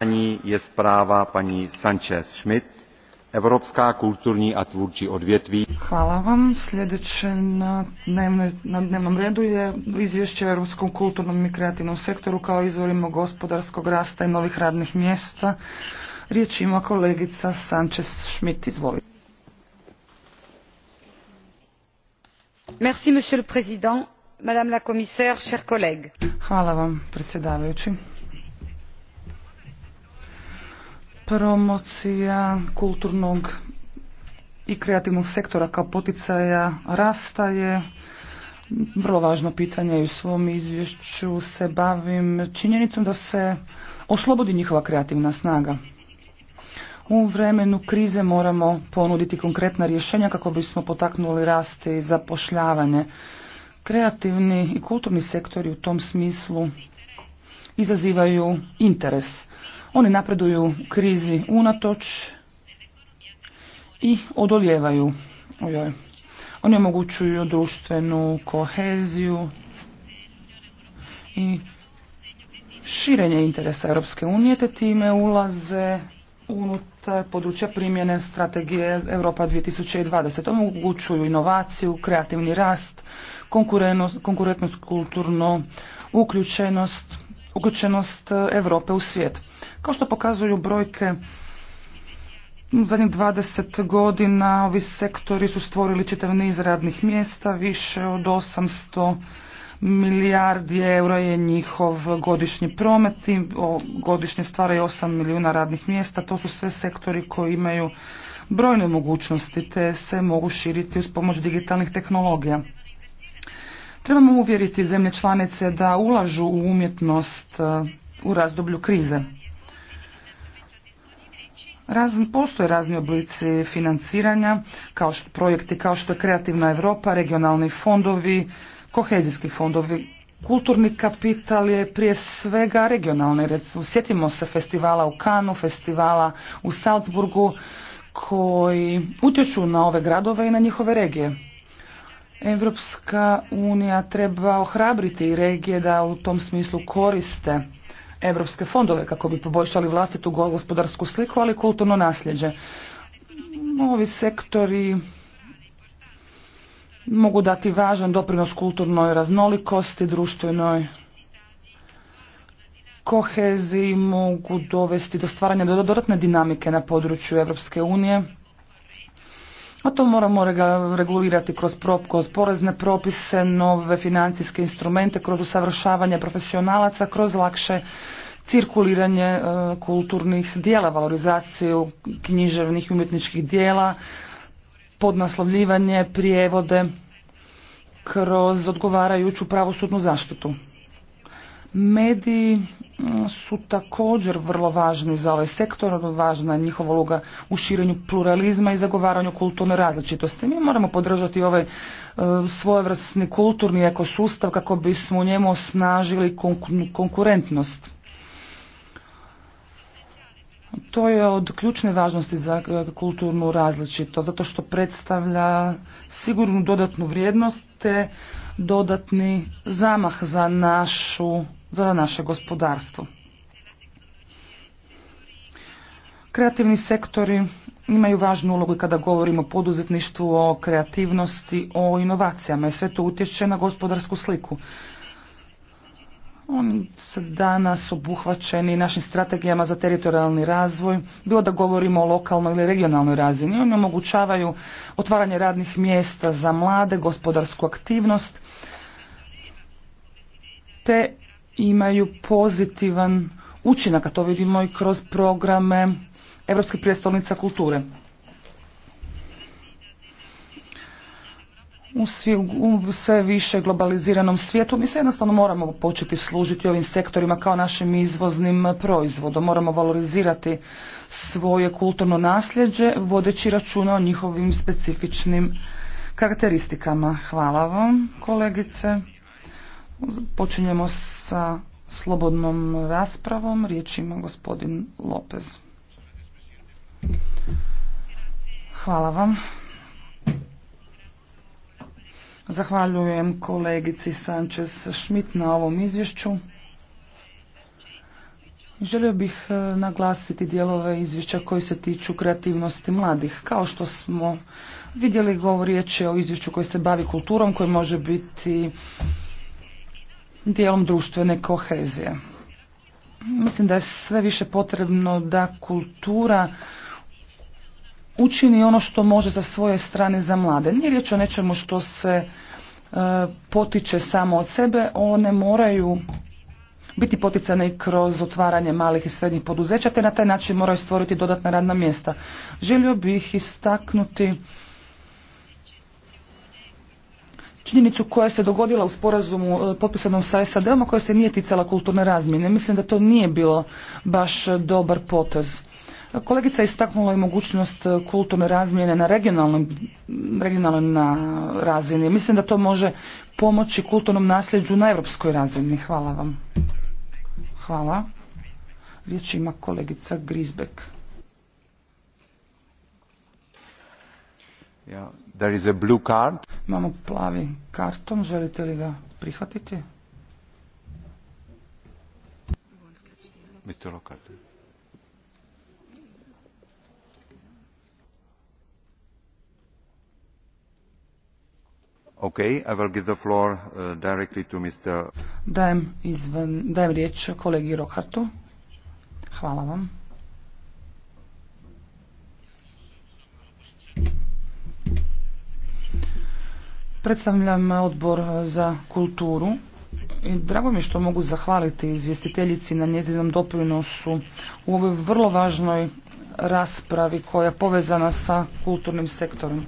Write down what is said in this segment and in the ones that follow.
jednání je zpráva paní Sanchez Schmidt, Evropská kulturni a tvůrčí odvětví. Hvala vam. Sljedeće na, dnevne, na dnevnom redu je izvješće o europskom kulturnom i kreativnom sektoru kao izvorima gospodarskog rasta i novih radnih mjesta. Riječ ima kolegica Sanchez Schmidt. Izvolite. Merci, monsieur le président, madame la commissaire, chers collègues. Hvala vam, predsjedavajući. Promocija kulturnog i kreativnog sektora kao poticaja rasta je vrlo važno pitanje i u svom izvješću se bavim činjenicom da se oslobodi njihova kreativna snaga. U vremenu krize moramo ponuditi konkretna rješenja kako bismo potaknuli rast i zapošljavanje. Kreativni i kulturni sektori u tom smislu izazivaju interes. Oni napreduju krizi unatoč i odoljevaju Oni omogućuju društvenu koheziju i širenje interesa Europske unije, te time ulaze unutar područja primjene strategije Europa 2020. omogućuju inovaciju, kreativni rast, konkurentnost, kulturno, uključenost, uključenost Europe u svijet. Kao što pokazuju brojke, u zadnjih 20 godina ovi sektori su stvorili čitav niz radnih mjesta, više od 800 milijardi eura je njihov godišnji promet i godišnje stvaraju 8 milijuna radnih mjesta. To su sve sektori koji imaju brojne mogućnosti te se mogu širiti uz pomoć digitalnih tehnologija. Trebamo uvjeriti zemlje članice da ulažu u umjetnost e, u razdoblju krize postoje razni oblici financiranja, kao projekti kao što je Kreativna Europa, regionalni fondovi, kohezijski fondovi. Kulturni kapital je prije svega regionalni. Recimo, sjetimo se festivala u Kanu, festivala u Salzburgu, koji utječu na ove gradove i na njihove regije. Evropska unija treba ohrabriti regije da u tom smislu koriste europske fondove kako bi poboljšali vlastitu gospodarsku sliku, ali kulturno nasljeđe. Ovi sektori mogu dati važan doprinos kulturnoj raznolikosti, društvenoj koheziji, mogu dovesti do stvaranja dodatne dinamike na području Europske unije a to moramo regulirati kroz, kroz porezne propise, nove financijske instrumente, kroz usavršavanje profesionalaca, kroz lakše cirkuliranje e, kulturnih dijela, valorizaciju književnih i umjetničkih dijela, podnaslovljivanje, prijevode kroz odgovarajuću pravosudnu zaštitu. Mediji mm, su također vrlo važni za ovaj sektor, važna je njihova uloga u širenju pluralizma i zagovaranju kulturne različitosti. Mi moramo podržati ovaj e, svojevrsni kulturni ekosustav kako bismo u njemu osnažili konkurentnost to je od ključne važnosti za e, kulturnu različito, zato što predstavlja sigurnu dodatnu vrijednost te dodatni zamah za, našu, za naše gospodarstvo. Kreativni sektori imaju važnu ulogu kada govorimo o poduzetništvu, o kreativnosti, o inovacijama i sve to utječe na gospodarsku sliku. Oni su danas obuhvaćeni našim strategijama za teritorijalni razvoj, bilo da govorimo o lokalnoj ili regionalnoj razini. Oni omogućavaju otvaranje radnih mjesta za mlade, gospodarsku aktivnost, te imaju pozitivan učinak, a to vidimo i kroz programe Evropske prijestolnica kulture. u sve više globaliziranom svijetu mi se jednostavno moramo početi služiti ovim sektorima kao našim izvoznim proizvodom. Moramo valorizirati svoje kulturno nasljeđe vodeći računa o njihovim specifičnim karakteristikama. Hvala vam kolegice. Počinjemo sa slobodnom raspravom. Riječ ima gospodin Lopez. Hvala vam. Zahvaljujem kolegici Sanchez Schmidt na ovom izvješću. Želio bih e, naglasiti dijelove izvješća koji se tiču kreativnosti mladih. Kao što smo vidjeli, govor je o izvješću koji se bavi kulturom, koji može biti dijelom društvene kohezije. Mislim da je sve više potrebno da kultura učini ono što može sa svoje strane za mlade. Nije riječ o nečemu što se e, potiče samo od sebe, one moraju biti poticane kroz otvaranje malih i srednjih poduzeća, te na taj način moraju stvoriti dodatna radna mjesta. Želio bih istaknuti činjenicu koja se dogodila u sporazumu e, potpisanom sa SAD-om, koja se nije ticala kulturne razmjene. Mislim da to nije bilo baš dobar potez. Kolegica je istaknula i mogućnost kulturne razmjene na regionalnoj razini. Mislim da to može pomoći kulturnom nasljeđu na europskoj razini. Hvala vam. Hvala. Riječ ima kolegica Grisbeck. blue card. Imamo plavi karton, želite li ga prihvatiti? Mr. Lockhart. Okay, I will give the floor uh, Dajem, riječ kolegi Rokartu. Hvala vam. Predstavljam odbor za kulturu i drago mi je što mogu zahvaliti izvjestiteljici na njezinom doprinosu u ovoj vrlo važnoj raspravi koja je povezana sa kulturnim sektorom.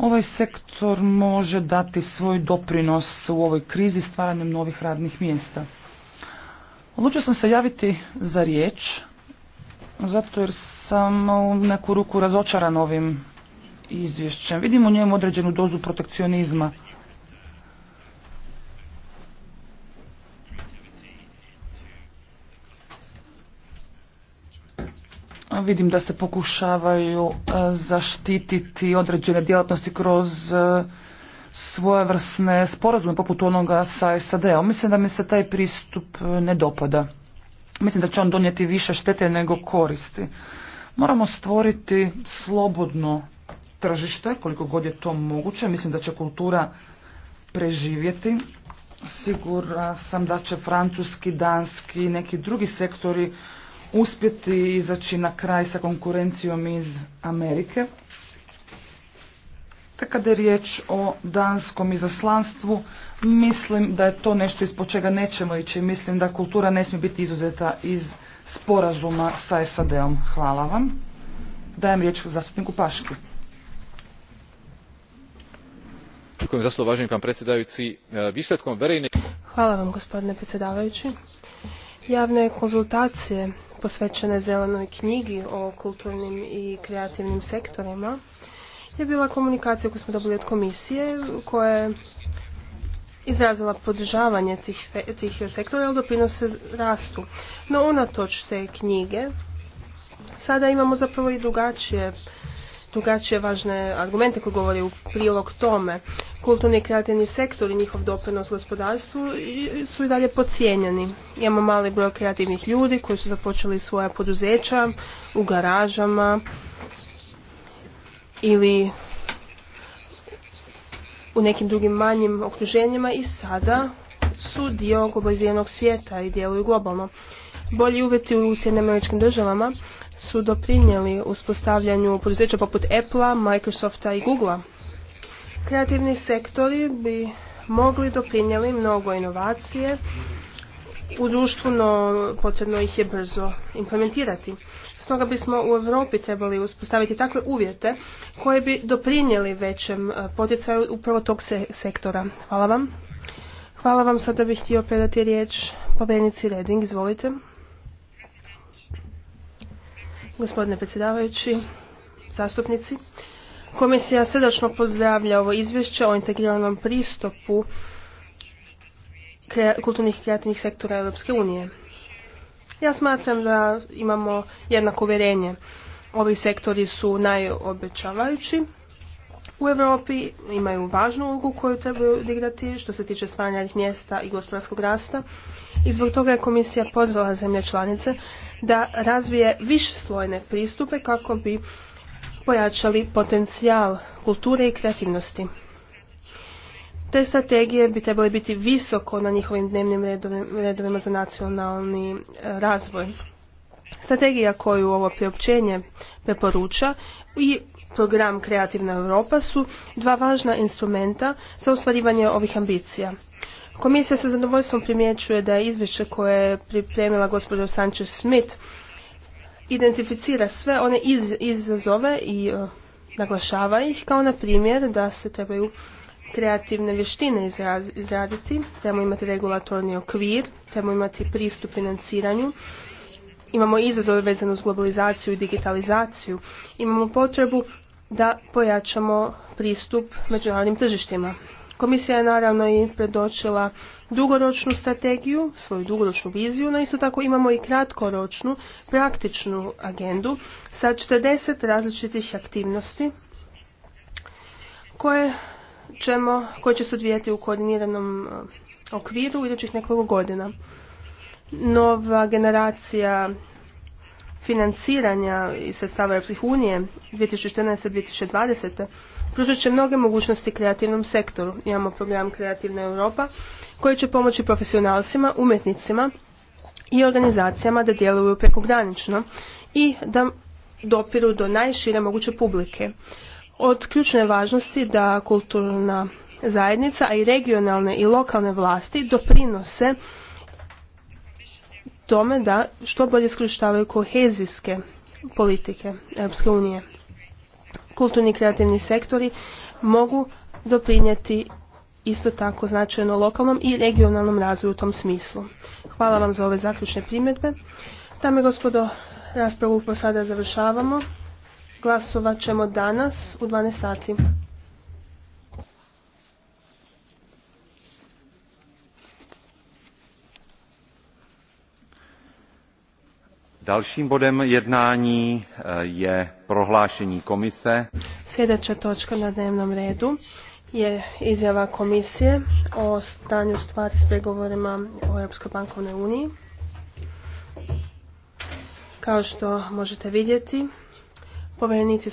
Ovaj sektor može dati svoj doprinos u ovoj krizi stvaranjem novih radnih mjesta. Odlučio sam se javiti za riječ, zato jer sam u neku ruku razočaran ovim izvješćem. Vidim u njemu određenu dozu protekcionizma. Vidim da se pokušavaju e, zaštititi određene djelatnosti kroz e, svojevrsne sporazume poput onoga sa SAD-om. Mislim da mi se taj pristup e, ne dopada. Mislim da će on donijeti više štete nego koristi. Moramo stvoriti slobodno tržište, koliko god je to moguće. Mislim da će kultura preživjeti. Sigura sam da će francuski, danski i neki drugi sektori uspjeti izaći na kraj sa konkurencijom iz Amerike. Te kada je riječ o danskom izaslanstvu, mislim da je to nešto ispod čega nećemo ići. Mislim da kultura ne smije biti izuzeta iz sporazuma sa SAD-om. Hvala vam. Dajem riječ zastupniku Paški. E, Hvala vam gospodine predsjedavajući. Javne konzultacije posvećene zelenoj knjigi o kulturnim i kreativnim sektorima je bila komunikacija koju smo dobili od komisije koja je izrazila podržavanje tih, tih sektora jer doprinose rastu. No unatoč te knjige sada imamo zapravo i drugačije drugačije važne argumente koji govori u prilog tome. Kulturni i kreativni sektor i njihov doprinos gospodarstvu su i dalje pocijenjeni. Imamo mali broj kreativnih ljudi koji su započeli svoja poduzeća u garažama ili u nekim drugim manjim okruženjima i sada su dio globaliziranog svijeta i djeluju globalno. Bolji uvjeti u Sjednim američkim državama su doprinijeli uspostavljanju poduzeća poput Apple-a, Microsofta i Google-a. Kreativni sektori bi mogli doprinijeli mnogo inovacije u društvu, no potrebno ih je brzo implementirati. Stoga bismo u Europi trebali uspostaviti takve uvjete koje bi doprinijeli većem e, poticaju upravo tog sektora. Hvala vam. Hvala vam, sada bih htio predati riječ povjerenici Reding, izvolite. Gospodine predsjedavajući, zastupnici, Komisija srdačno pozdravlja ovo izvješće o integriranom pristupu kulturnih i kreativnih sektora Europske unije. Ja smatram da imamo jednako uvjerenje. Ovi sektori su najobećavajući u Europi, imaju važnu ulogu koju trebaju odigrati što se tiče stvaranja mjesta i gospodarskog rasta i zbog toga je komisija pozvala zemlje članice da razvije višeslojne pristupe kako bi pojačali potencijal kulture i kreativnosti. Te strategije bi trebale biti visoko na njihovim dnevnim redovima za nacionalni e, razvoj. Strategija koju ovo priopćenje preporuča i program Kreativna Europa su dva važna instrumenta za ostvarivanje ovih ambicija. Komisija sa zadovoljstvom primjećuje da je izvješće koje je pripremila gospođa Sanchez-Smith identificira sve one izazove i e, naglašava ih kao na primjer da se trebaju kreativne vještine izraz, izraditi, trebamo imati regulatorni okvir, trebamo imati pristup financiranju, imamo izazove vezane uz globalizaciju i digitalizaciju, imamo potrebu da pojačamo pristup međunarodnim tržištima. Komisija je naravno i predočila dugoročnu strategiju, svoju dugoročnu viziju, no isto tako imamo i kratkoročnu, praktičnu agendu sa 40 različitih aktivnosti koje, ćemo, koje će se odvijati u koordiniranom eh, okviru u idućih nekoliko godina. Nova generacija financiranja i sredstava Europskih unije 2014-2020 pružat će mnoge mogućnosti kreativnom sektoru. Imamo program Kreativna Europa koji će pomoći profesionalcima, umjetnicima i organizacijama da djeluju prekogranično i da dopiru do najšire moguće publike. Od ključne važnosti da kulturna zajednica, a i regionalne i lokalne vlasti doprinose tome da što bolje skrištavaju kohezijske politike Europske unije kulturni i kreativni sektori mogu doprinijeti isto tako značajno lokalnom i regionalnom razvoju u tom smislu. Hvala vam za ove zaključne primjedbe. Dame gospodo, raspravu po sada završavamo. Glasovat ćemo danas u 12 sati. Dalším bodem jednání eh, je prohlášení komise. Sljedeća točka na dnevnom redu je izjava komisije o stanju stvari s pregovorima o Europskoj bankovnoj uniji. Kao što možete vidjeti, povjerenici